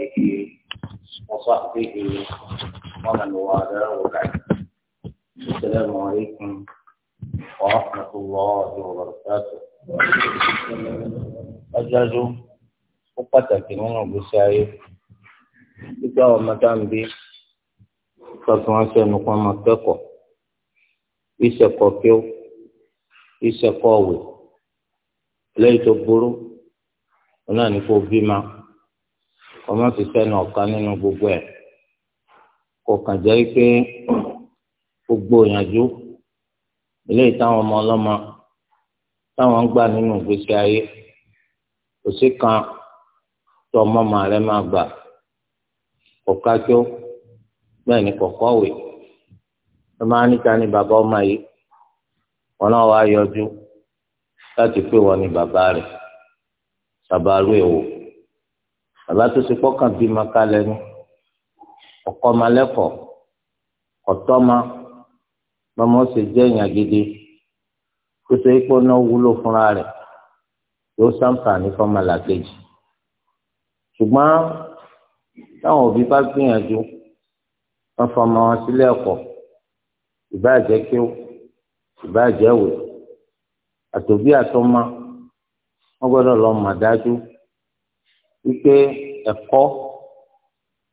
ihe ajụkpatakr a ụsihị ikpe ahụ mata be atuwatenụkwa maka ko isekọ obodo le to bụrụ nanị bima ọmọ fi sẹ́nu ọ̀kan nínú gbogbo ẹ̀ kò kàn jẹ́ pé gbogbo ìyànjú eléyìí táwọn ọmọ ọlọ́mọ táwọn ń gbà nínú ìgbésí ayé kò sí kan tó ọmọ màá rẹ máa gbà kò kájọ bẹ́ẹ̀ ni kò kọ́wé ló máa níta ní bàbá ọmọ yìí wọn náà wá yọjú láti pé wọn ni bàbá rẹ̀ bàbá rú èwo bàbá tó ṣe pọ́kàn bíi makalẹ̀ ni ọ̀kọ́ ma lẹ́kọ̀ọ́ ọ̀tọ́ ma bàmá ó jẹ́ èèyàn gidi tó ṣe pé ọ̀nà wúlò fúnra rẹ̀ yóò ṣàǹfààní fọ́mọlà kejì ṣùgbọ́n táwọn òbí bá gbìyànjú wọ́n fọmọ wọn sílé ẹ̀kọ́ ìbáàjẹ́ kí ó ìbáàjẹ́ wò àtòbí àtọ́mọ wọ́n gbọ́dọ̀ lọ mọ̀ dájú wípé ẹ̀kọ́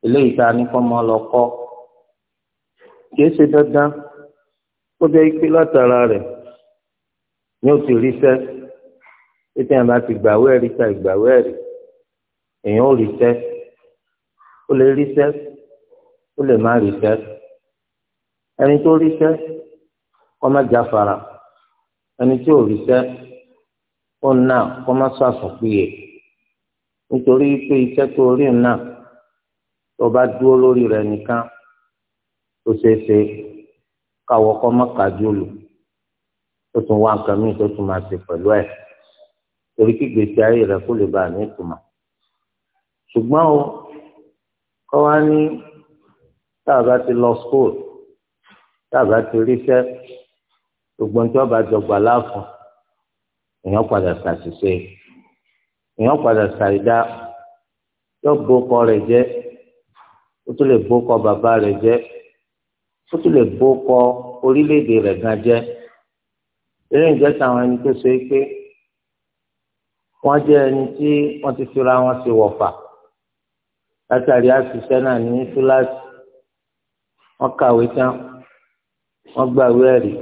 eléyìí tá a ní kọ́ máa lọ kọ́ kìí ṣe dandan ó jẹ́ pé látara rẹ̀ ni ó ti ríṣẹ́ títí àná ti gbàwé ẹ̀rí ta ìgbàwé ẹ̀rí èèyàn ó ríṣẹ́ ó lè ríṣẹ́ ó lè má ríṣẹ́ ẹni tó ríṣẹ́ kọ́ má jáfara ẹni tí ò ríṣẹ́ ó nà kọ́ má sọ àsùnpìyè nítorí pé iṣẹ́ tó rí náà tó bá dúró lórí rẹ̀ nìkan ó ṣeé ṣe káwọ́ kọ́ mọ́kàájú lò ó tún wá nǹkan míì tó tún máa ṣe pẹ̀lú ẹ̀ torí kí gbèsè ayé rẹ̀ kó lè bá a ní ìtumọ̀ ṣùgbọ́n o kọ́ wá ní táàbá ti lọ school táàbá ti ríṣẹ́ gbogbo ní tí wọ́n bá jọ gbà láàfún èèyàn padà ṣàṣìṣe èèyàn padà ṣàìdá yóò gbókọ rẹ̀ jẹ́ ó tún lè gbókọ bàbá rẹ̀ jẹ́ ó tún lè gbókọ orílẹ̀-èdè rẹ̀ gan jẹ́ eré ìjẹ́ táwọn ẹni tó ṣe é pé wọ́n jẹ́ ẹni tí wọ́n ti fira wọn ṣe wọ̀fà látàrí àṣìṣe náà ní fúláṣì wọ́n kàwé tán wọ́n gbàwé ẹ̀rí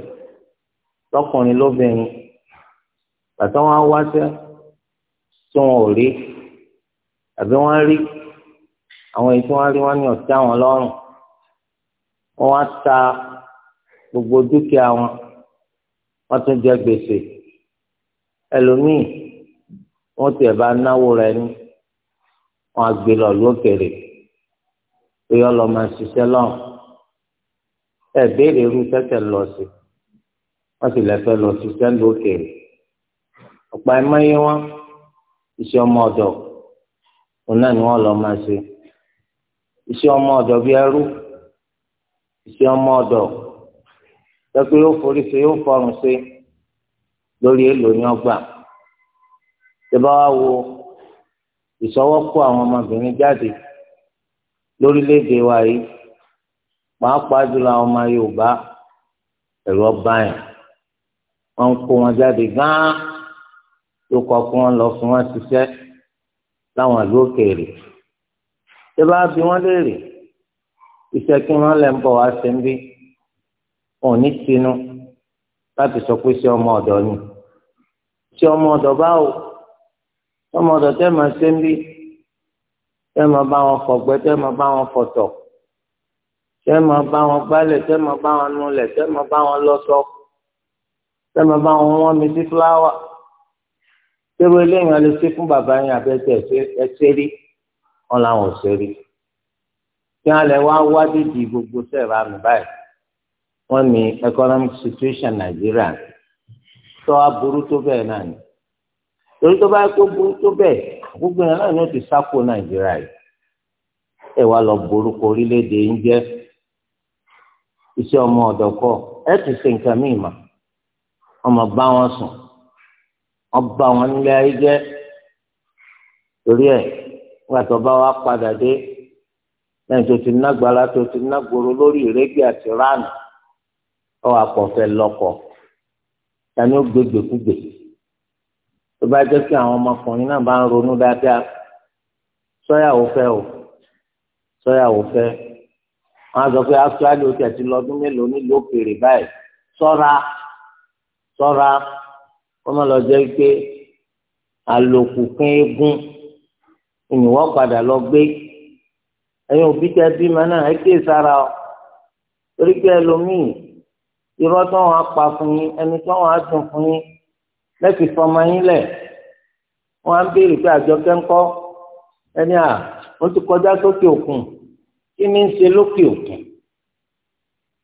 lọ́kùnrin lóbìnrin bàtà wọn á wáṣẹ́ tí wọn ò rí àbí wọn rí àwọn èyí tí wọn rí wọn ní ọtí àwọn lọ́rùn wọn wá ta gbogbo dúkìá wọn wọn tún jẹ gbèsè ẹlòmíì wọn tiẹ̀ bá náwó rẹ̀ ní wọn àgbè lọ lókèrè pé ọlọmọ ṣiṣẹ́ lọ́rùn ẹ béèrè irú tẹsẹ lọ sí wọn sì lẹfẹ lọ ṣiṣẹ́ lókèrè ọ̀pọ̀ ẹmọ yẹn wọn iṣẹ́ ọmọ ọ̀dọ̀ òun náà ni wọ́n lọ máa ṣe iṣẹ́ ọmọ ọ̀dọ̀ bí ẹrú iṣẹ́ ọmọ ọ̀dọ̀ pẹpẹ yóò forí ṣe yóò fọrùn ṣe lórí èlò ní ọgbà tẹ́bá wá wo ìṣọwọ́ kó àwọn ọmọbìnrin jáde lórílẹ̀‐èdè wa yìí pàápàá jùlọ àwọn ọmọ Yorùbá ẹ̀rọ báyìí wọ́n ń kó wọn jáde gan-an ló kọ fún wọn lọ fún wọn ṣiṣẹ́ láwọn ìlú òkèèrè ṣé bá bí wọn léèrè iṣẹ́ kí wọn lẹ ń bọ̀ wá ṣe ń bí wọn ò ní tinú láti sọ pé ṣé ọmọ ọ̀dọ̀ ni ṣé ọmọ ọ̀dọ̀ báwo ọmọ ọ̀dọ̀ tẹ máa ṣe ń bí tẹ máa bá wọn fọgbẹ tẹ máa bá wọn fọtọ tẹ máa bá wọn gbálẹ̀ tẹ máa bá wọn nulẹ̀ tẹ máa bá wọn lọsọ tẹ máa bá wọn wọn mi sí fúláwà ṣéwọ eléyìí wọn lè ṣe fún bàbá yín abẹ́tẹ̀ ẹsẹ̀ rí wọn làwọn ò ṣe rí kí wọn lè wá wá dídì gbogbo sẹ́ẹ̀rà mi báyìí wọn ní economic situation Nàìjíríà tó aburú tó bẹ́ẹ̀ náà ni torí tó bá tó burú tó bẹ́ẹ̀ gbogbo yẹn náà ni ó ti sáko Nàìjíríà yìí ẹ wá lọ borúkọ orílẹ̀-èdè yín jẹ́ iṣẹ́ ọmọ ọ̀dọ̀ ẹ ti ṣe nǹkan míì mà ọmọ bá wọn sùn. ọba wọn nílé ayé jẹ torí ẹ wọn àtọba wa padà dé lẹ́yìn tó ti nágbára tó ti nágboro lórí àti ránù lọkọ tani ó gbégbèkúgbè tó bá jẹ kí àwọn ọmọkùnrin náà bá ń ronú dáadáa sọyàwó o sọyàwó fẹ wọn á sọ pé australia ó mélòó nílùú òkèèrè wọ́n má lọ jẹ́ pé àlòkù kan eégún ìyìnwọ́ padà lọ gbé ẹ̀yin òbí tẹ bímọ náà ẹ kéè sára ọ torí pé ẹlòmíì irọ́ tó wọn pa fún yín ẹni tó wọn á dùn fún yín lẹ́sì fọmọ yín lẹ̀ wọ́n á ń béèrè pé àjọ kẹ́ńkọ́ ẹni à ó ti kọjá sókè òkun kí ni ń ṣe lókè òkun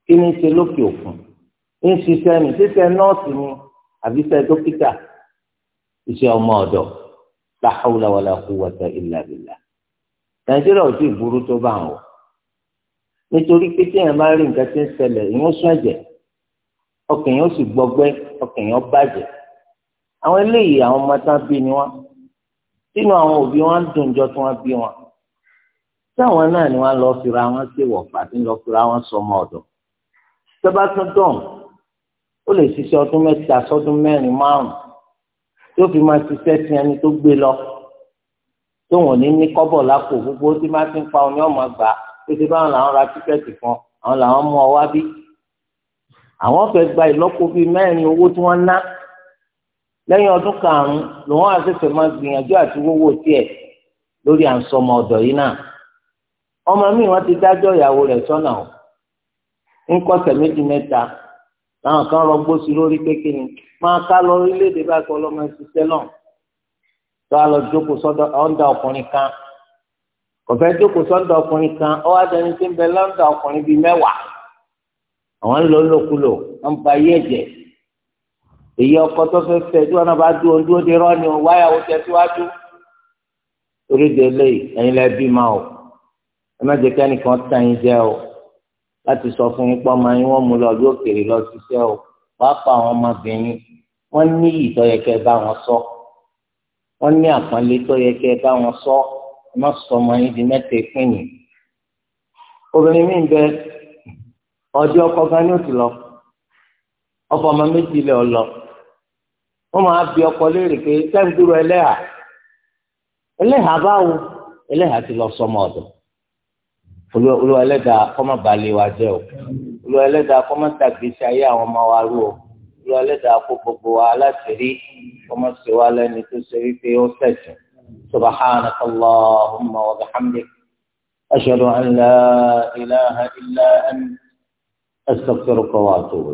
kí ni ń ṣe lókè òkun ń ṣiṣẹ́ ní ṣiṣẹ́ nọ́ọ̀sì ni àbíṣẹ́ dókítà iṣẹ́ ọmọ ọ̀dọ̀ la hawla wala quwwata illa billah nàìjíríà ò tí ì burú tó bá wọn nítorí pé tí èèyàn bá rí nǹkan tí ń ṣẹlẹ̀ ìyẹn sún ẹ̀jẹ̀ ọkàn yẹn ó sì gbọgbẹ́ ọkàn yẹn ó bàjẹ́ àwọn eléyìí àwọn ọmọ tán bí ni wọn sínú àwọn òbí wọn ń dùn jọ tí wọn bí wọn táwọn náà ni wọn lọ fira wọn ṣèwọ̀pá tí lọ fira wọn sọmọ ọ̀dọ̀ tó bá lè ṣiṣẹ́ ọdún mẹ́ta sọ́dún mẹ́rin márùn-ún yóò fi máa ṣiṣẹ́ sí ẹni tó gbé lọ tó wọn ní ní kọ́bọ̀ lápò gbogbo tí máa ti ń pa oní ọmọ gbà pété báwọn làwọn ra tíkẹ́ẹ̀tì kan àwọn làwọn mú ọ wá bí àwọn fẹ́ gba ìlọ́po bíi mẹ́rin owó tí wọ́n ná lẹ́yìn ọdún karùn-ún lòun àṣẹṣẹ máa gbìyànjú àti wówó tiẹ̀ lórí à ń sọmọ ọ̀dọ̀ yìí náà ọmọ mi wọ́n ti dájọ́ ìyàwó rẹ̀ sọ́nà o ń kọ́sẹ̀ méjì mẹ́ta láwọn kan lọ gbósì lórí kéèké ni máa ká lọ orílẹ̀-èdè báyìí kọ́ lọ́mọ ìṣiṣẹ́ náà tó a lọ jókòó sọ́dọ̀ ọ̀ǹda ọkùnrin kan kò fẹ́ jókòó sọ́dọ̀ ọkùnrin kan ó wá dẹni tí ń bẹ lọ́ǹda ọkùnrin bíi mẹ́wàá àwọn ń lò ó lòkulò ń ba ayé ẹ̀jẹ̀ èyí ọkọ tó fẹ́ fẹ́ tí wọn náà bá dúró dúró de rọ́ọ̀nì wáyàwó tẹ̀síwájú orí de lé ẹ̀yin lẹ́ bí ma o ẹ má jẹ́ kẹ́nìkan tàn láti sọ fún yín pọ́ máa ń wọ́n mú lọ bí òkèèrè lọ ṣiṣẹ́ o pàápàá àwọn ọmọbìnrin wọ́n ní iyì tó yẹ kẹ́ bá wọn sọ wọ́n ní àpọ́nlé tó yẹ kẹ́ bá wọn sọ má sọ ọmọ yín di mẹ́ta ìpín ni. obìnrin mi bẹ ọjọ́ ọkọ gan ni ti lọ ọkọ ọmọ méjì lè ọ lọ wọ́n máa bi ọkọ léèrè pé sẹ́ńdúró ẹlẹ́hà ẹlẹ́hà báwo ẹlẹ́hà ti lọ sọmọ ọ̀dọ̀ olúwa ẹlẹ́dàá kọ́mọ balẹ̀ wa jẹ́ o olúwa ẹlẹ́dàá kọ́mọ tàgbèsè ayé àwọn ọmọ wa rú o olúwa ẹlẹ́dàá kó gbogbo wa aláṣẹ́rí kọ́mọ sí wa lẹ́ni tó ṣe wípé ó tẹ̀sìn subhanaka allahumma wa bihamdik ashhadu an la ilaha illa anta astaghfiruka wa atubu.